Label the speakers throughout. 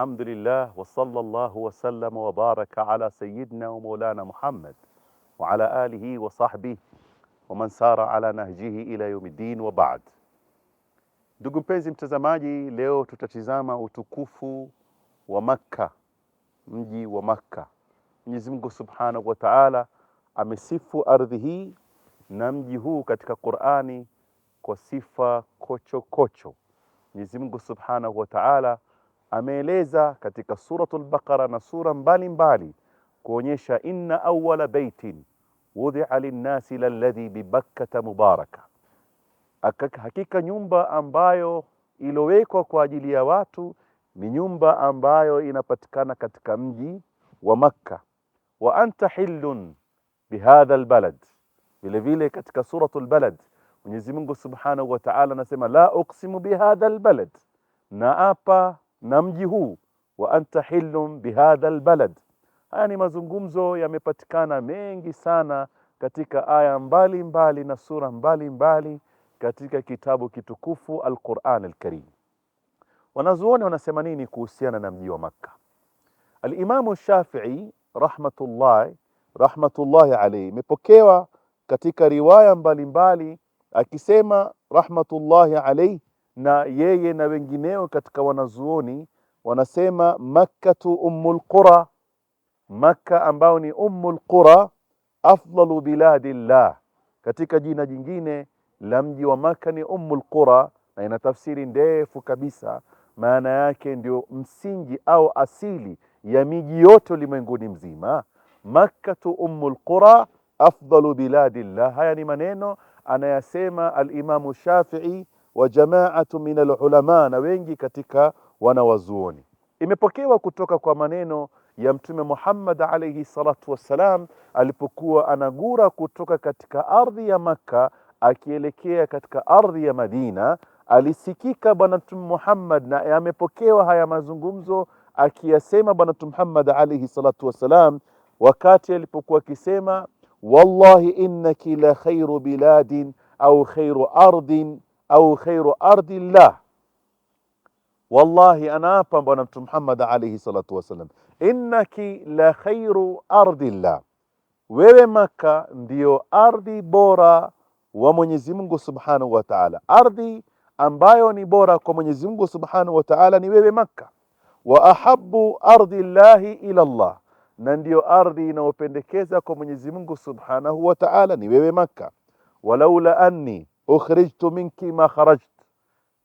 Speaker 1: الحمد لله وصلى الله وسلم وبارك على سيدنا ومولانا محمد وعلى آله وصحبه ومن سار على nahjihi ila yawmiddin wa ba'd. Ndugu mpenzi mtazamaji, leo tutatizama utukufu wa Makka, mji wa Makka. Mwenyezi Mungu Subhanahu wa Ta'ala amesifu ardhi hii na mji huu katika Qur'ani kwa sifa kochokocho. Mwenyezi Mungu Subhanahu wa Ta'ala ameeleza katika Suratul Baqara na sura mbalimbali kuonyesha inna awwala baitin wudhi'a linnasi lalladhi bibakkata mubaraka, hakika nyumba ambayo iliowekwa kwa ajili ya watu ni nyumba ambayo inapatikana katika mji wa Makka. Wa anta hillun bihadha albalad. vilevile katika Suratul Balad Mwenyezi Mungu Subhanahu wa Ta'ala anasema la uqsimu bihadha albalad, apa na mji huu wa anta hilum bihadha albalad. Haya ni mazungumzo yamepatikana mengi sana katika aya mbalimbali na sura mbalimbali katika kitabu kitukufu Alquran Alkarim. Wanazuoni wanasema nini kuhusiana na mji wa Makka? Alimamu Shafii rahmatullahi rahmatullahi alayhi, imepokewa katika riwaya mbalimbali mbali, akisema rahmatullahi alayhi na yeye na wengineo katika wanazuoni wanasema makkatu ummul qura, Makka ambao ni ummul qura, afdalu biladillah. Katika jina jingine la mji wa Makka ni ummul qura, na ina tafsiri ndefu kabisa. Maana yake ndio msingi au asili ya miji yote ulimwenguni mzima. Makkatu ummul qura afdalu biladillah. Haya ni maneno anayasema alimamu Shafii wa jamaatu min alulama, na wengi katika wanawazuoni. Imepokewa kutoka kwa maneno ya Mtume Muhammad alayhi salatu wassalam alipokuwa anagura kutoka katika ardhi ya Makka akielekea katika ardhi ya Madina. Alisikika Bwana Mtume Muhammad na amepokewa haya mazungumzo akiyasema Bwana Mtume Muhammad alayhi salatu wassalam wakati alipokuwa akisema, wallahi innaki la khairu biladin au khairu ardhin au khairu ardi llah. Wallahi, anaapa Bwana Mtume Muhammad alayhi salatu wasallam, innaki la khairu ardi llah, wewe Maka ndiyo ardhi bora wa Mwenyezi Mungu subhanahu wa taala. Ardhi ambayo ni bora kwa Mwenyezi Mungu subhanahu wa taala ni wewe Makka. wa ahabu ardi llahi ila llah, na ndiyo ardhi inayopendekeza kwa Mwenyezi Mungu subhanahu wa taala ni wewe Makka. walaula anni ukhrijtu minki ma kharajt,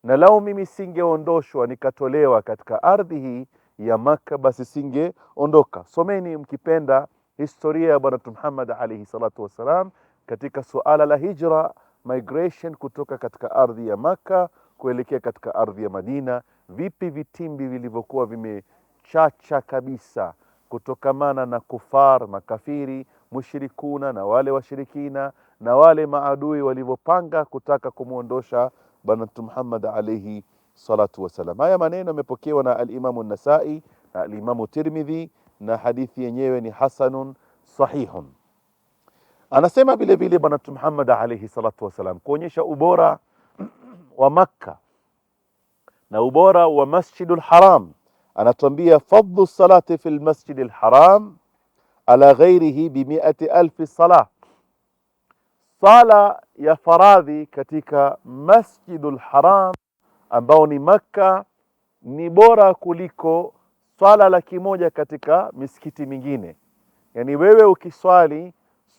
Speaker 1: na lau mimi singeondoshwa nikatolewa katika ardhi hii ya Maka, basi singeondoka. Someni mkipenda historia ya Bwana Muhammad alayhi salatu wassalam katika suala la hijra, migration kutoka katika ardhi ya Maka kuelekea katika ardhi ya Madina, vipi vitimbi vilivyokuwa vimechacha kabisa kutokamana na kufar makafiri, mushrikuna na wale washirikina na wale maadui walivyopanga kutaka kumwondosha Bwana Mtume Muhammad alayhi salatu wasalam. Haya maneno yamepokewa na alimamu Nasai na alimamu Tirmidhi, na hadithi yenyewe ni hasanun sahihun. Anasema vile vile Bwana Mtume Muhammad alayhi salatu wasalam, kuonyesha ubora wa Makka na ubora wa Masjidul Haram, anatuambia fadlu salati fi lmasjidi lharam ala ghairihi bi mi'ati alfi salah sala ya faradhi katika Masjidul Haram ambao ni Makka ni bora kuliko swala laki moja katika misikiti mingine. Yaani wewe ukiswali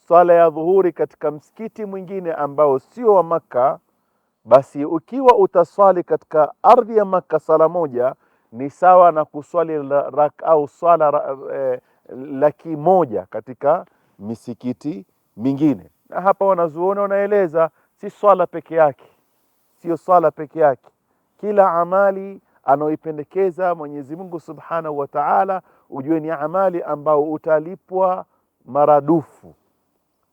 Speaker 1: swala ya dhuhuri katika msikiti mwingine ambao sio wa Makka, basi ukiwa utaswali katika ardhi ya Makka sala moja ni sawa na kuswali rak au swala eh, laki moja katika misikiti mingine na hapa wanazuoni wanaeleza si swala peke yake, sio swala peke yake. Kila amali anaoipendekeza Mwenyezi Mungu Subhanahu wa Ta'ala, ujue ni amali ambao utalipwa maradufu.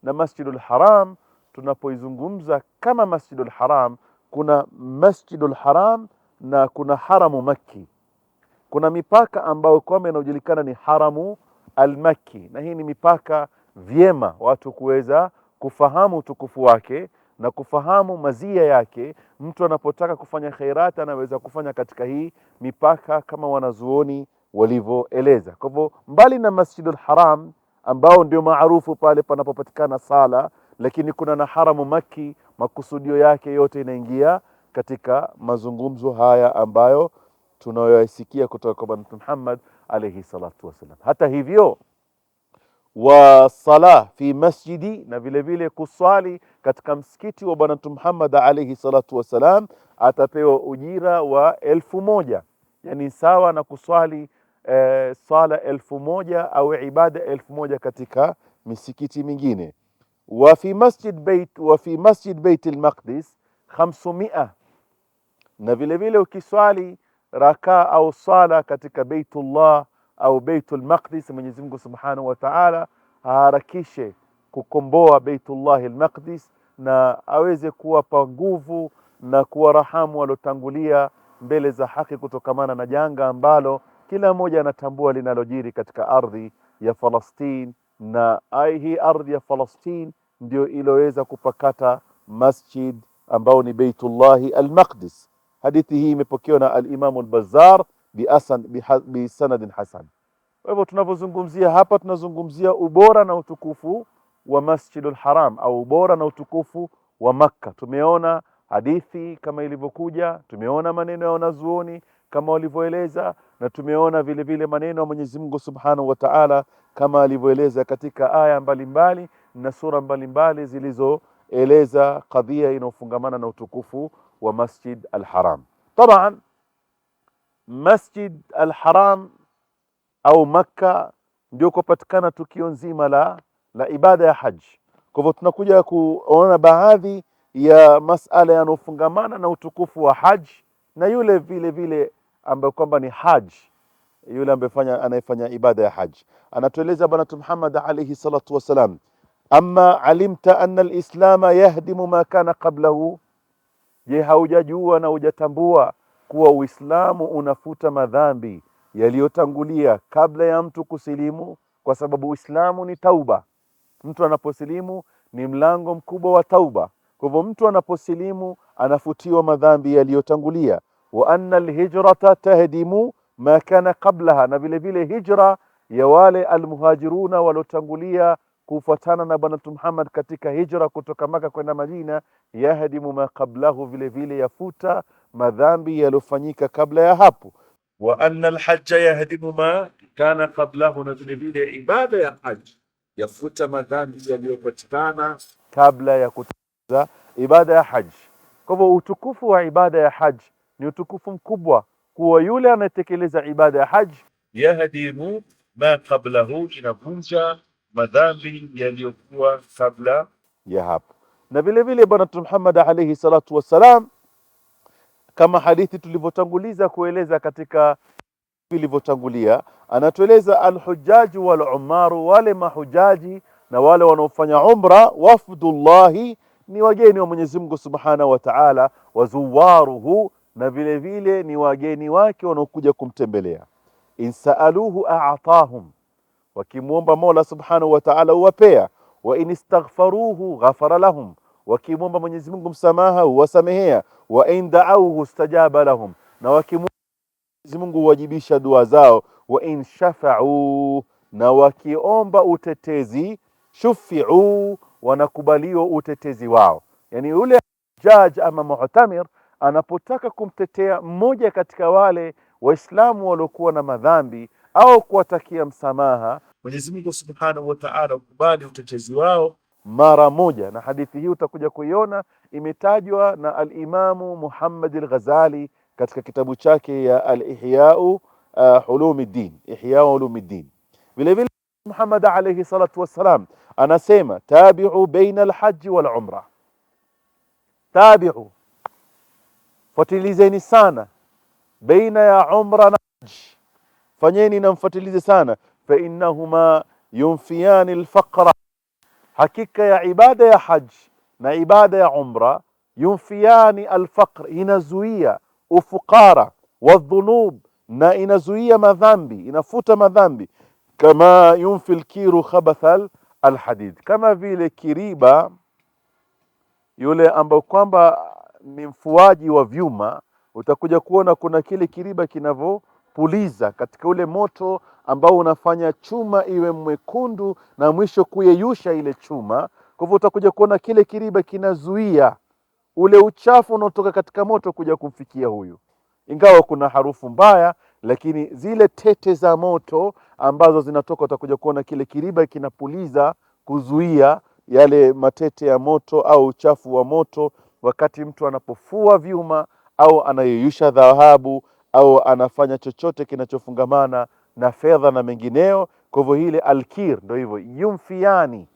Speaker 1: Na Masjidul Haram tunapoizungumza kama Masjidul Haram, kuna Masjidul Haram na kuna haramu Makki. Kuna mipaka ambayo kwamba inaojulikana ni haramu al-Makki, na hii ni mipaka vyema watu kuweza kufahamu utukufu wake na kufahamu mazia yake. Mtu anapotaka kufanya khairati anaweza kufanya katika hii mipaka kama wanazuoni walivyoeleza. Kwa hivyo, mbali na Masjidul Haram ambao ndio maarufu pale panapopatikana sala, lakini kuna na haramu Makki. Makusudio yake yote inaingia katika mazungumzo haya ambayo tunayoyasikia kutoka kwa Mtume Muhammad alayhi salatu wasallam. Hata hivyo wa sala fi masjidi, na vilevile kuswali katika msikiti wa Bwana Mtume Muhammad alaihi salatu wassalam, atapewa ujira wa elfu moja yani sawa na kuswali e, eh, sala elfu moja au ibada elfu moja katika misikiti mingine. wa fi masjid bait wa fi masjid bait al-Maqdis 500, na vilevile ukiswali rakaa au sala katika Baitullah au Baitul Maqdis, Mwenyezi Mungu Subhanahu wa Ta'ala aharakishe kukomboa Baitullahi al-Maqdis na aweze kuwapa nguvu na kuwarahamu waliotangulia mbele za haki kutokamana na janga ambalo kila mmoja anatambua linalojiri katika ardhi ya falastin na hii ardhi ya falastin ndio iloweza kupakata masjid ambao ni Baitullahi al-Maqdis. Hadithi hii imepokewa na al-Imam al-Bazzar bisanadin hasan. Kwa hivyo tunavyozungumzia hapa, tunazungumzia ubora na utukufu wa Masjidul Haram au ubora na utukufu wa Makka. Tumeona hadithi kama ilivyokuja, tumeona maneno ya wanazuoni kama walivyoeleza, na tumeona vile vile maneno ya Mwenyezi Mungu Subhanahu wa Ta'ala kama alivyoeleza katika aya mbalimbali na sura mbalimbali zilizoeleza kadhia inayofungamana na utukufu wa Masjid Al-Haram. Tabaan, Masjid al-Haram au Makka ndio kupatikana tukio nzima la, la ibada ya haji. Kwa hivyo tunakuja kuona baadhi ya masala yanayofungamana na utukufu wa haji na yule vile vile ambaye kwamba ni haji yule ambaye anayefanya ibada ya haji. Anatueleza Bwana Mtume Muhammad alayhi salatu wasalam, amma alimta anna alislama yahdimu ma kana qablahu, je haujajua na hujatambua kuwa Uislamu unafuta madhambi yaliyotangulia kabla ya mtu kusilimu, kwa sababu Uislamu ni tauba. Mtu anaposilimu ni mlango mkubwa wa tauba. Kwa hivyo mtu anaposilimu anafutiwa madhambi yaliyotangulia. wa anna alhijrata tahdimu ma kana qablaha, na vilevile hijra ya wale almuhajiruna waliotangulia kufuatana na Bwana Mtume Muhammad katika hijra kutoka Maka kwenda Madina, yahdimu ma qablahu, vile vile yafuta madhambi yaliyofanyika kabla ya hapo. Wa anna alhajja yahdimu ma kana qablahu, na vile vile ibada ya haji yafuta madhambi yaliyopatikana kabla ya kutimiza ibada ya haji. Kwa hivyo utukufu wa ibada ya haji ni utukufu mkubwa, kuwa yule anayetekeleza ibada ya haji yahdimu ma qablahu, inavunja madhambi yaliyokuwa kabla ya hapo. Na vile vile bwana Mtume Muhammad alayhi salatu wassalam, kama hadithi tulivyotanguliza kueleza katika vilivyotangulia, anatueleza alhujaji walumaru, wale mahujaji na wale wanaofanya umra, wafdullahi ni wageni wa Mwenyezi Mungu Subhanahu wa Ta'ala, wazuwaruhu na vile vile ni wageni wake wanaokuja kumtembelea, insaaluhu a'tahum wakimwomba Mola subhanahu wa ta'ala uwapea, wa in istaghfaruhu ghafara lahum, wakimwomba Mwenyezi Mungu msamaha huwasamehea, wa in daauhu stajaba lahum, na wakimwomba Mwenyezi Mungu uwajibisha dua zao, wa in shafa'u, na wakiomba utetezi shufi'u, wanakubaliwa utetezi wao. Yani yule jaji ama mu'tamir anapotaka kumtetea mmoja katika wale Waislamu waliokuwa na madhambi au kuwatakia msamaha. Mwenyezi Mungu Subhanahu wa Ta'ala ukubali utetezi wao mara moja. Na hadithi hii utakuja kuiona imetajwa na Alimamu Muhammad al-Ghazali katika kitabu chake ya Al-Ihya'u uh, Ulumuddin, Ihya'u Ulumuddin. Vile vile Muhammad alayhi salatu wassalam anasema tabi'u baina al-hajj wal umra, tabi'u, fuatilizeni sana baina ya umra na hajj fanyeni na mfatilize sana, fa innahuma yunfiyani alfaqra, hakika ya ibada ya haji na ibada ya umra yunfiyani alfaqr, inazuia ufukara wadhunub, na inazuia madhambi, inafuta madhambi. Kama yunfi alkiru khabatha alhadid, kama vile kiriba yule ambao kwamba ni mfuaji wa vyuma, utakuja kuona kuna kile kiriba kinavyo puliza katika ule moto ambao unafanya chuma iwe mwekundu na mwisho kuyeyusha ile chuma. Kwa hivyo utakuja kuona kile kiriba kinazuia ule uchafu unaotoka katika moto kuja kumfikia huyu, ingawa kuna harufu mbaya, lakini zile tete za moto ambazo zinatoka, utakuja kuona kile kiriba kinapuliza kuzuia yale matete ya moto au uchafu wa moto, wakati mtu anapofua vyuma au anayeyusha dhahabu au anafanya chochote kinachofungamana na fedha na mengineo. Kwa hivyo hile alkir ndio hivyo, yumfiani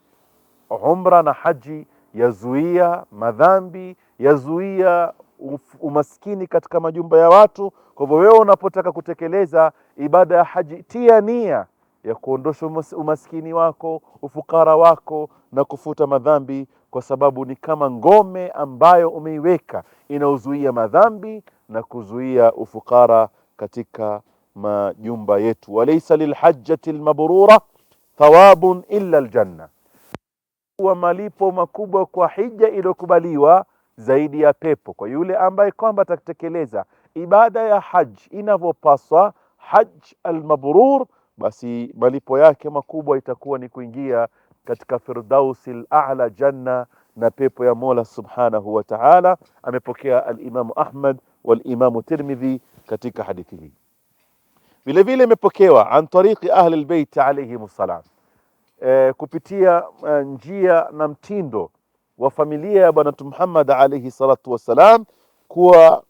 Speaker 1: umra na haji yazuia madhambi, yazuia umaskini katika majumba ya watu. Kwa hivyo wewe unapotaka kutekeleza ibada ya haji, tia nia ya kuondosha umaskini wako, ufukara wako na kufuta madhambi, kwa sababu ni kama ngome ambayo umeiweka inaozuia madhambi na kuzuia ufukara katika majumba yetu. Walaysa lilhajjati lmabrura thawabun illa aljanna, kuwa malipo makubwa kwa hija iliyokubaliwa zaidi ya pepo kwa yule ambaye kwamba atatekeleza ibada ya haji inavyopaswa, haj almabrur, basi malipo yake makubwa itakuwa ni kuingia katika firdausi lala janna, na pepo ya Mola subhanahu wa ta'ala. Amepokea alimamu Ahmad walimamu Tirmidhi katika hadithi hii. vilevile imepokewa an tariqi ahli albayt alaihim salam, e, eh, kupitia e, njia na mtindo wa familia ya Bwana Mtume Muhammad alaihi salatu wassalam, kuwa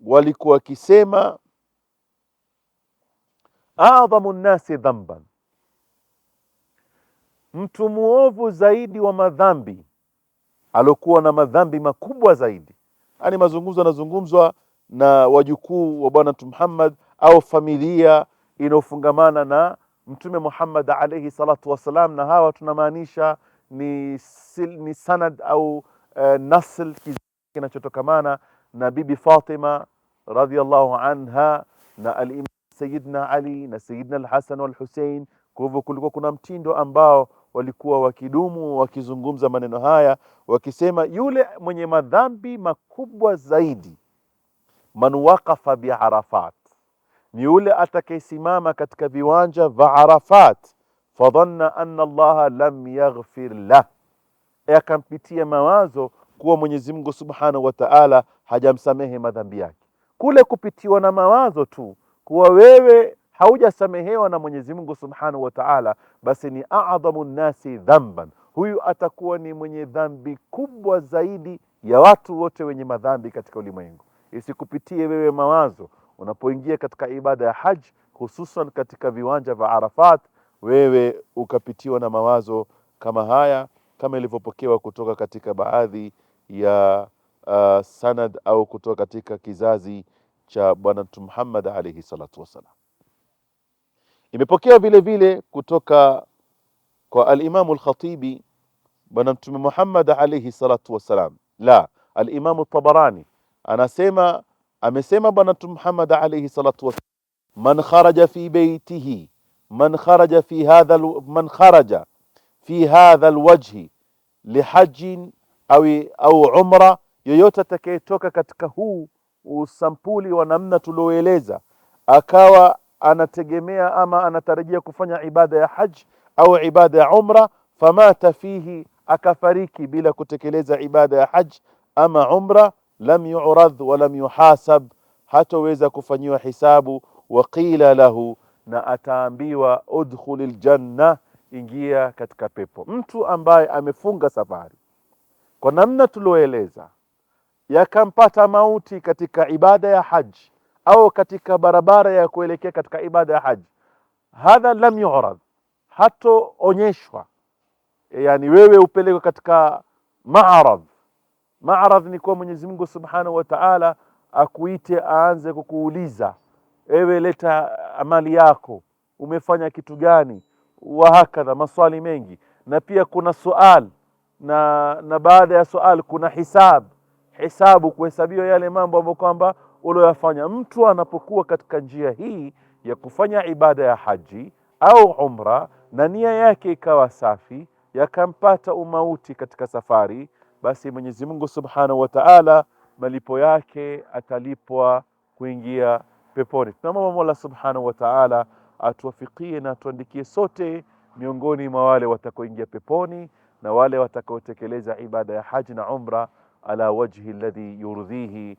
Speaker 1: walikuwa wakisema adhamu nnasi dhamban, mtu muovu zaidi wa madhambi, alokuwa na madhambi makubwa zaidi yani mazungumzo yanazungumzwa na wajukuu wa Bwana Mtume Muhammad au familia inayofungamana na Mtume Muhammad alayhi salatu wassalam, na hawa tunamaanisha ni, ni sanad au uh, nasl kinachotokamana na Bibi Fatima radhiallahu anha na al Sayyidina Ali na Sayyidina al-Hasan wal-Hussein. Kwa hivyo kulikuwa kuna mtindo ambao walikuwa wakidumu wakizungumza maneno haya wakisema, yule mwenye madhambi makubwa zaidi man waqafa biarafat, ni yule atakayesimama katika viwanja vya Arafat, fadhanna anna Allaha lam yaghfir lah, e, akampitia mawazo kuwa Mwenyezi Mungu Subhanahu wa Ta'ala hajamsamehe madhambi yake. Kule kupitiwa na mawazo tu kuwa wewe haujasamehewa na Mwenyezi Mungu Subhanahu wa Ta'ala, basi ni adhamu nnasi dhamban, huyu atakuwa ni mwenye dhambi kubwa zaidi ya watu wote wenye madhambi katika ulimwengu. Isikupitie wewe mawazo unapoingia katika ibada ya haji, hususan katika viwanja vya Arafat, wewe ukapitiwa na mawazo kama haya, kama ilivyopokewa kutoka katika baadhi ya uh, sanad au kutoka katika kizazi cha Bwana Mtume Muhammad alaihi salatu wassalam imepokea vile vile kutoka kwa al-Imam al-Khatibi bwana Mtume Muhammad alayhi salatu wasalam. La, al-Imam al-Tabarani anasema amesema bwana Mtume Muhammad alayhi salatu wasalam, man kharaja fi baytihi man kharaja fi hadha man kharaja fi hadha alwajhi lihaji au au umra, yoyote atakayetoka katika huu usampuli wa namna tulioeleza akawa anategemea ama anatarajia kufanya ibada ya haji au ibada ya umra, famata fihi, akafariki bila kutekeleza ibada ya haji ama umra, lam yuradh wa lam yuhasab, hatoweza kufanyiwa hisabu. Wa qila lahu, na ataambiwa udkhul ljanna, ingia katika pepo. Mtu ambaye amefunga safari kwa namna tulioeleza, yakampata mauti katika ibada ya haji au katika barabara ya kuelekea katika ibada ya haji, hadha lam yu'rad, hatoonyeshwa. Yani wewe upelekwe katika maaradh. Maaradh ni kuwa Mwenyezi Mungu Subhanahu wa Ta'ala akuite aanze kukuuliza wewe, leta amali yako, umefanya kitu gani, wahakadha, maswali mengi. Na pia kuna sual na, na baada ya sual kuna hisab, hisabu, kuhesabiwa yale mambo ambayo kwamba ulioyafanya mtu anapokuwa katika njia hii ya kufanya ibada ya haji au umra na nia yake ikawa safi, yakampata umauti katika safari, basi Mwenyezi Mungu Subhanahu wa Ta'ala malipo yake atalipwa kuingia peponi. Tunamwomba Mola Subhanahu wa Ta'ala atuwafikie na atuandikie sote miongoni mwa wale watakaoingia peponi na wale watakaotekeleza ibada ya haji na umra ala wajhi alladhi yurdhihi